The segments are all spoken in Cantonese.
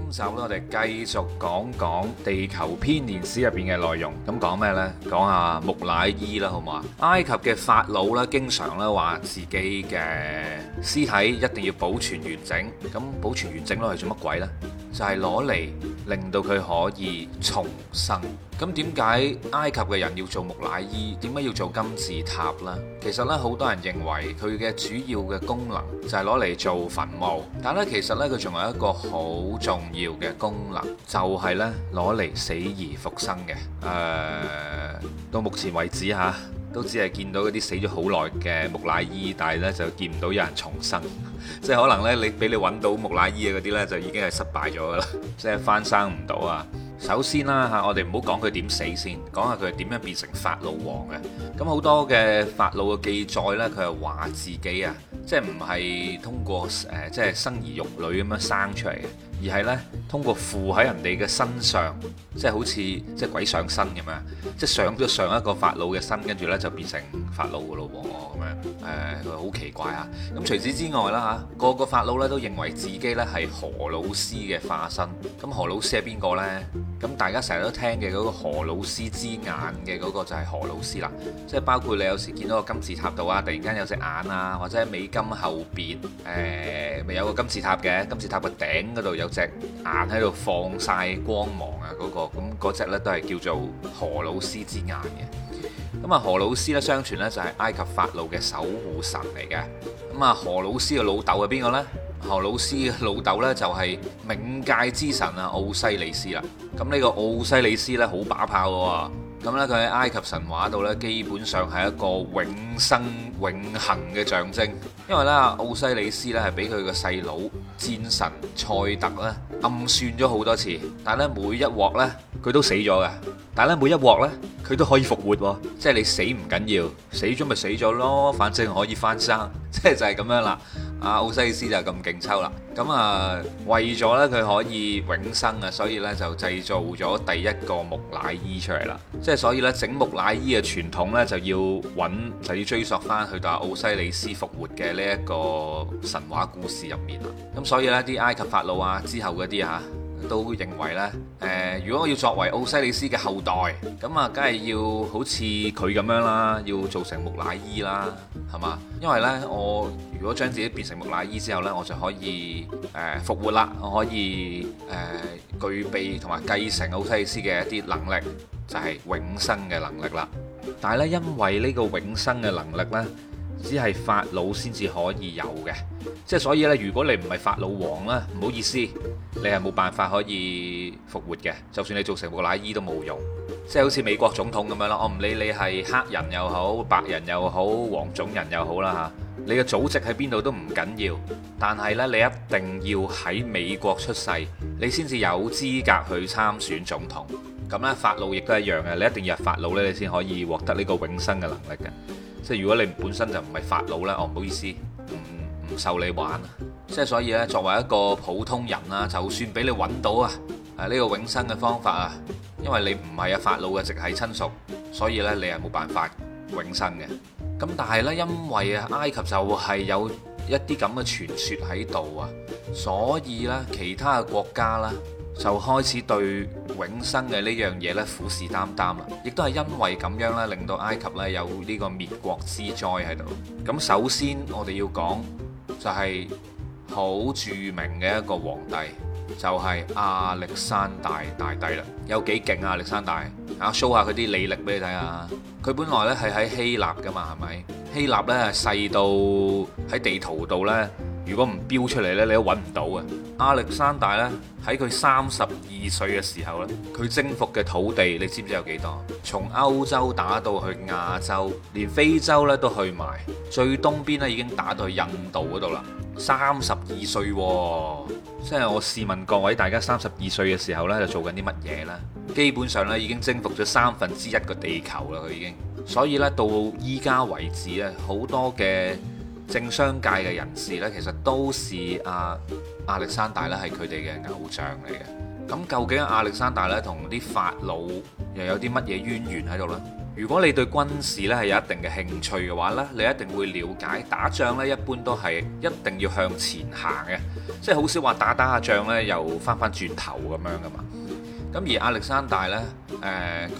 今集我哋繼續講講《地球編年史》入邊嘅內容。咁講咩呢？講下木乃伊啦，好唔好啊？埃及嘅法老咧，經常咧話自己嘅屍體一定要保存完整。咁保存完整咧，係做乜鬼呢？就係攞嚟令到佢可以重生。咁點解埃及嘅人要做木乃伊？點解要做金字塔呢？其實呢，好多人認為佢嘅主要嘅功能就係攞嚟做墳墓。但咧，其實呢，佢仲有一個好重要嘅功能，就係呢，攞嚟死而復生嘅。誒、呃，到目前為止嚇。都只係見到嗰啲死咗好耐嘅木乃伊，但係咧就見唔到有人重生， 即係可能咧，你俾你揾到木乃伊啊嗰啲呢，就已經係失敗咗㗎啦， 即係翻生唔到啊！首先啦嚇、啊，我哋唔好講佢點死先，講下佢點樣變成法老王嘅。咁好多嘅法老嘅記載呢，佢係話自己啊，即係唔係通過誒、呃、即係生兒育女咁樣生出嚟嘅。而係呢，通過附喺人哋嘅身上，即係好似即係鬼上身咁樣，即係上咗上一個法老嘅身，跟住呢就變成法老嘅咯喎，咁樣呃，佢好奇怪啊！咁除此之外啦嚇，個個法老呢都認為自己呢係何老師嘅化身。咁何老師係邊個呢？咁大家成日都聽嘅嗰、那個何魯斯之眼嘅嗰個就係何魯斯啦，即係包括你有時見到個金字塔度啊，突然間有隻眼啊，或者喺美金後邊，誒、呃、咪有個金字塔嘅，金字塔個頂嗰度有隻眼喺度放晒光芒啊，嗰、那個咁嗰隻呢都係叫做何魯斯之眼嘅。咁啊，何魯斯呢？相傳呢就係埃及法老嘅守護神嚟嘅。咁啊，何魯斯嘅老豆係邊個呢？何老師老豆呢，就係冥界之神啊奧西里斯啦，咁呢個奧西里斯呢，好把炮喎，咁呢，佢喺埃及神話度呢，基本上係一個永生永恆嘅象徵，因為呢奧西里斯呢，係俾佢個細佬戰神塞特呢暗算咗好多次，但咧每一鑊呢，佢都死咗嘅，但咧每一鑊呢，佢都可以復活喎，即係你死唔緊要，死咗咪死咗咯，反正可以翻生，即係就係咁樣啦。阿奧西里斯就咁勁抽啦，咁啊為咗呢佢可以永生啊，所以呢就製造咗第一個木乃伊出嚟啦。即係所以呢整木乃伊嘅傳統呢，就要揾，就要追溯翻去到奧西里斯復活嘅呢一個神話故事入面啦。咁所以呢啲埃及法老啊之後嗰啲啊。都會認為呢誒、呃，如果我要作為奧西里斯嘅後代，咁啊，梗係要好似佢咁樣啦，要做成木乃伊啦，係嘛？因為呢，我如果將自己變成木乃伊之後呢，我就可以誒、呃、復活啦，我可以誒、呃、具備同埋繼承奧西里斯嘅一啲能力，就係、是、永生嘅能力啦。但係呢，因為呢個永生嘅能力呢。只係法老先至可以有嘅，即係所以咧，如果你唔係法老王啦，唔好意思，你係冇辦法可以復活嘅。就算你做成個木乃伊都冇用，即係好似美國總統咁樣啦，我唔理你係黑人又好、白人又好、黃種人又好啦嚇，你嘅祖籍喺邊度都唔緊要，但係呢，你一定要喺美國出世，你先至有資格去參選總統。咁呢，法老亦都一樣嘅，你一定要係法老咧，你先可以獲得呢個永生嘅能力嘅。即係如果你本身就唔係法老呢，我唔好意思，唔唔受你玩啊！即係所以呢，作為一個普通人啊，就算俾你揾到啊，誒呢個永生嘅方法啊，因為你唔係啊法老嘅直系親屬，所以呢，你係冇辦法永生嘅。咁但係呢，因為啊埃及就係有一啲咁嘅傳說喺度啊，所以呢，其他嘅國家啦。就開始對永生嘅呢樣嘢呢虎視眈眈啦，亦都係因為咁樣呢，令到埃及呢有呢個滅國之災喺度。咁首先我哋要講就係好著名嘅一個皇帝，就係亞歷山大大帝啦。有幾勁啊，亞歷山大啊，show 下佢啲履歷俾你睇下。佢本來呢係喺希臘噶嘛，係咪？希臘呢細到喺地圖度呢。如果唔標出嚟呢，你都揾唔到啊！亞歷山大呢，喺佢三十二歲嘅時候呢，佢征服嘅土地，你知唔知有幾多？從歐洲打到去亞洲，連非洲呢都去埋，最東邊呢已經打到去印度嗰度啦！三十二歲，哦，即係我試問各位大家三十二歲嘅時候呢，就做緊啲乜嘢呢？基本上呢已經征服咗三分之一個地球啦，佢已經。所以呢，到依家為止呢，好多嘅。政商界嘅人士呢，其實都是、啊、阿亞歷山大呢係佢哋嘅偶像嚟嘅。咁究竟亞歷山大呢，同啲法老又有啲乜嘢淵源喺度呢？如果你對軍事呢係有一定嘅興趣嘅話呢，你一定會了解打仗呢，一般都係一定要向前行嘅，即係好少話打打下仗呢，又返返轉頭咁樣㗎嘛。咁而亞歷山大呢，誒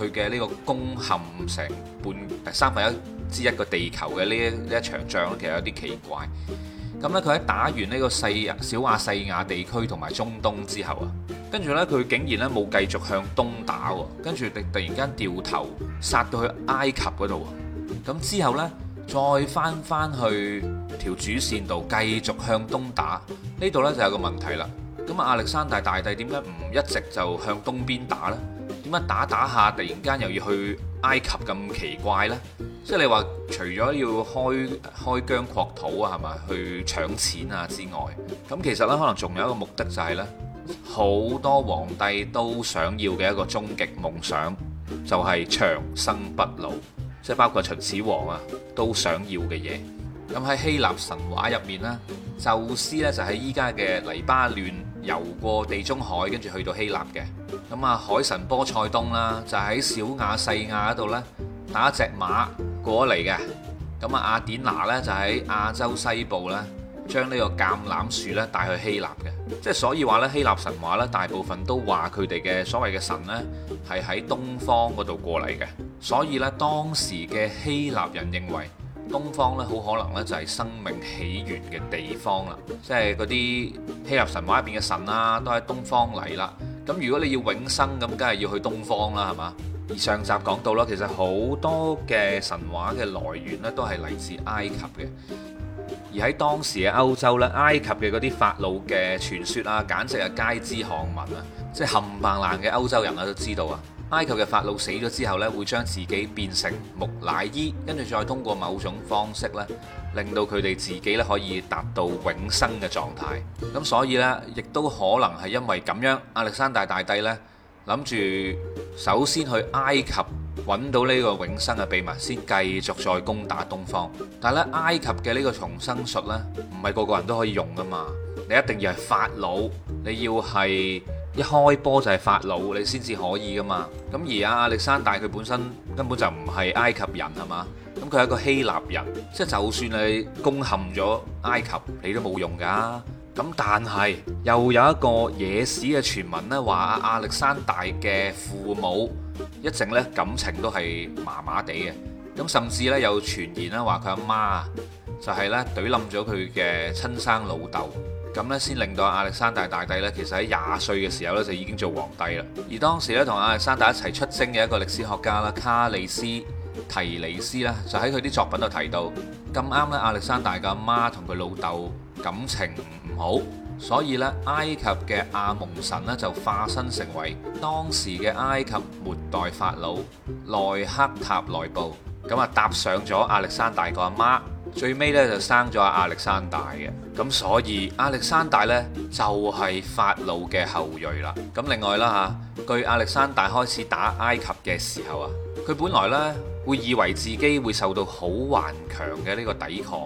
佢嘅呢個攻陷成半三分一之一個地球嘅呢一呢一場仗，其實有啲奇怪。咁、嗯、呢，佢喺打完呢個細小亞細亞地區同埋中東之後啊，跟住呢，佢竟然呢冇繼續向東打，跟住突突然間掉頭殺到去埃及嗰度。咁、嗯、之後呢，再翻翻去條主線度繼續向東打。呢度呢就有個問題啦。咁亞歷山大大帝點解唔一直就向東邊打呢？點解打打下突然間又要去埃及咁奇怪咧，即係你話除咗要開開疆擴土啊，係嘛去搶錢啊之外，咁其實呢，可能仲有一個目的就係呢。好多皇帝都想要嘅一個終極夢想就係長生不老，即係包括秦始皇啊都想要嘅嘢。咁喺希臘神話入面呢，宙斯呢就喺依家嘅黎巴嫩游過地中海，跟住去到希臘嘅。咁啊，海神波塞冬啦，就喺小亞細亞度呢打隻馬過嚟嘅。咁啊，阿典娜呢，就喺亞洲西部呢將呢個橄欖樹呢帶去希臘嘅。即係所以話呢，希臘神話呢，大部分都話佢哋嘅所謂嘅神呢，係喺東方嗰度過嚟嘅。所以呢，當時嘅希臘人認為。東方咧，好可能咧就係生命起源嘅地方啦，即係嗰啲希臘神話入邊嘅神啊，都喺東方嚟啦。咁如果你要永生，咁梗係要去東方啦，係嘛？而上集講到啦，其實好多嘅神話嘅來源咧，都係嚟自埃及嘅。而喺當時嘅歐洲咧，埃及嘅嗰啲法老嘅傳說啊，簡直係街知巷聞啊，即係冚唪唥嘅歐洲人啊都知道啊。埃及嘅法老死咗之後呢，會將自己變成木乃伊，跟住再通過某種方式呢，令到佢哋自己呢可以達到永生嘅狀態。咁所以呢，亦都可能係因為咁樣，亞歷山大大帝呢諗住首先去埃及揾到呢個永生嘅秘密，先繼續再攻打東方。但係咧，埃及嘅呢個重生術呢，唔係個個人都可以用㗎嘛，你一定要係法老，你要係。一開波就係法老，你先至可以噶嘛？咁而阿亞歷山大佢本身根本就唔係埃及人係嘛？咁佢係一個希臘人，即係就算你攻陷咗埃及，你都冇用噶啊。咁但係又有一個野史嘅傳聞咧，話阿亞歷山大嘅父母一直咧感情都係麻麻地嘅。咁甚至咧有傳言咧話佢阿媽就係咧懟冧咗佢嘅親生老豆。咁呢，先令到亞歷山大大帝呢，其實喺廿歲嘅時候呢，就已經做皇帝啦。而當時呢，同亞歷山大一齊出征嘅一個歷史學家啦，卡利斯提尼斯啦，就喺佢啲作品度提到，咁啱呢，亞歷山大嘅阿媽同佢老豆感情唔好，所以呢，埃及嘅阿蒙神呢就化身成為當時嘅埃及末代法老奈克塔奈布，咁啊搭上咗亞歷山大個阿媽。最尾咧就生咗阿亞歷山大嘅，咁所以亞歷山大呢，就係法老嘅後裔啦。咁另外啦嚇，據亞歷山大開始打埃及嘅時候啊，佢本來呢，會以為自己會受到好頑強嘅呢個抵抗，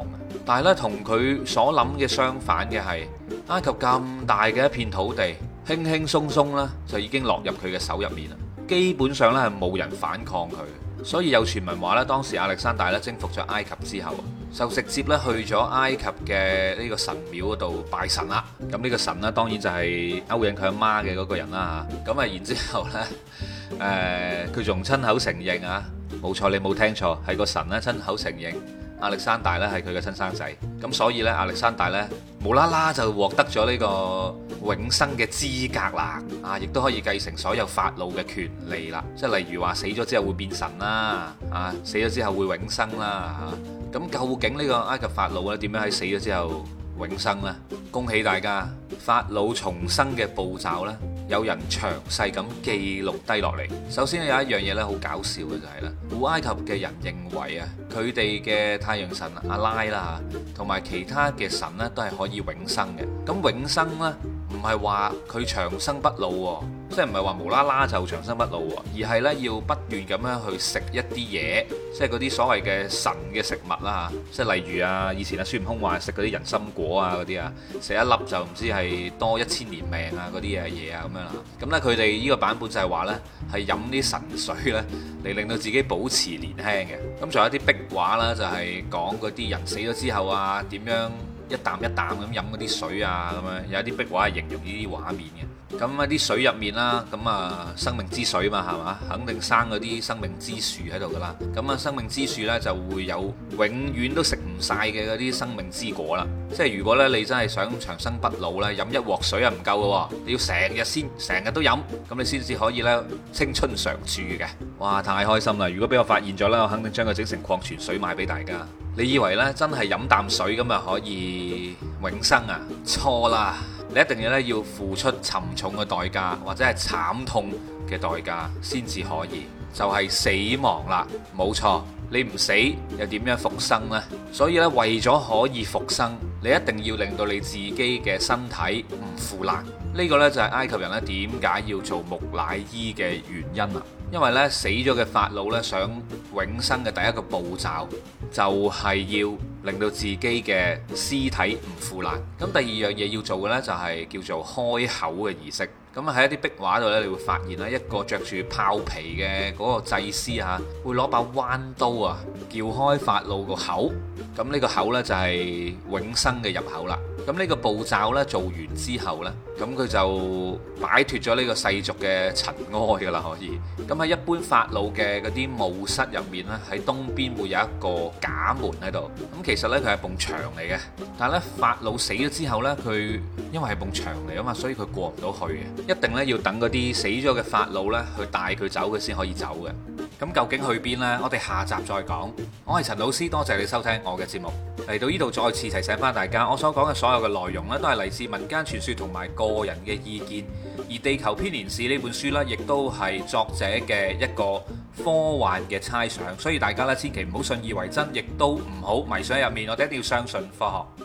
但係呢，同佢所諗嘅相反嘅係，埃及咁大嘅一片土地輕輕鬆鬆呢，輕輕鬆鬆就已經落入佢嘅手入面啦。基本上呢，係冇人反抗佢，所以有傳聞話呢，當時亞歷山大咧征服咗埃及之後。就直接咧去咗埃及嘅呢個神廟嗰度拜神啦。咁呢個神咧當然就係勾引佢阿媽嘅嗰個人啦嚇。咁啊然之後呢，誒佢仲親口承認啊，冇錯你冇聽錯，係個神咧親口承認亞歷山大咧係佢嘅親生仔。咁所以呢，亞歷山大呢，無啦啦就獲得咗呢個永生嘅資格啦！啊，亦都可以繼承所有法老嘅權利啦，即係例如話死咗之後會變神啦，啊，死咗之後會永生啦。咁、啊、究竟呢個埃及法老咧點樣喺死咗之後永生啦，恭喜大家！法老重生嘅步驟咧，有人詳細咁記錄低落嚟。首先有一樣嘢呢，好搞笑嘅就係啦，古埃及嘅人認為啊，佢哋嘅太陽神阿拉啦，同埋其他嘅神呢，都係可以永生嘅。咁永生呢，唔係話佢長生不老喎。即係唔係話無啦啦就長生不老喎，而係呢，要不斷咁樣去食一啲嘢，即係嗰啲所謂嘅神嘅食物啦嚇，即係例如啊，以前啊孫悟空話食嗰啲人參果啊嗰啲啊，食一粒就唔知係多一千年命啊嗰啲嘢嘢啊咁樣啦。咁呢，佢哋呢個版本就係話呢，係飲啲神水呢，嚟令到自己保持年輕嘅。咁仲有啲壁畫啦，就係講嗰啲人死咗之後啊，點樣一啖一啖咁飲嗰啲水啊，咁樣有一啲壁畫係形容呢啲畫面嘅。咁喺啲水入面啦，咁啊生命之水嘛，係嘛，肯定生嗰啲生命之樹喺度噶啦。咁啊生命之樹呢，就會有永遠都食唔晒嘅嗰啲生命之果啦。即係如果咧你真係想長生不老呢，飲一鑊水啊唔夠嘅，你要成日先，成日都飲，咁你先至可以呢，青春常駐嘅。哇，太開心啦！如果俾我發現咗呢，我肯定將佢整成礦泉水賣俾大家。你以為呢，真係飲啖水咁啊可以永生啊？錯啦！你一定要呢，要付出沉重嘅代價，或者係慘痛嘅代價先至可以，就係死亡啦，冇錯。你唔死又點樣復生呢？所以呢，為咗可以復生，你一定要令到你自己嘅身體唔腐爛。呢個呢就係埃及人呢點解要做木乃伊嘅原因啦。因為呢死咗嘅法老呢想永生嘅第一個步驟就係要。令到自己嘅屍體唔腐爛。咁第二樣嘢要做嘅呢，就係叫做開口嘅儀式。咁喺一啲壁畫度呢，你會發現咧一個着住豹皮嘅嗰個祭司嚇，會攞把彎刀啊，撬開法老個口。咁呢個口呢，就係永生嘅入口啦。咁呢個步驟呢，做完之後呢，咁佢就擺脫咗呢個世俗嘅塵埃噶啦，可以。咁喺一般法老嘅嗰啲墓室入面呢，喺東邊會有一個假門喺度。咁其實咧佢係埲牆嚟嘅，但係咧法老死咗之後呢，佢因為係埲牆嚟啊嘛，所以佢過唔到去嘅，一定呢，要等嗰啲死咗嘅法老呢，去帶佢走，佢先可以走嘅。咁究竟去邊呢？我哋下集再講。我係陳老師，多謝你收聽我嘅節目。嚟到呢度再次提醒返大家，我所講嘅所有嘅內容呢，都係嚟自民間傳說同埋個人嘅意見，而《地球編年史》呢本書呢，亦都係作者嘅一個。科幻嘅猜想，所以大家咧千祈唔好信以為真，亦都唔好迷上入面。我哋一定要相信科學。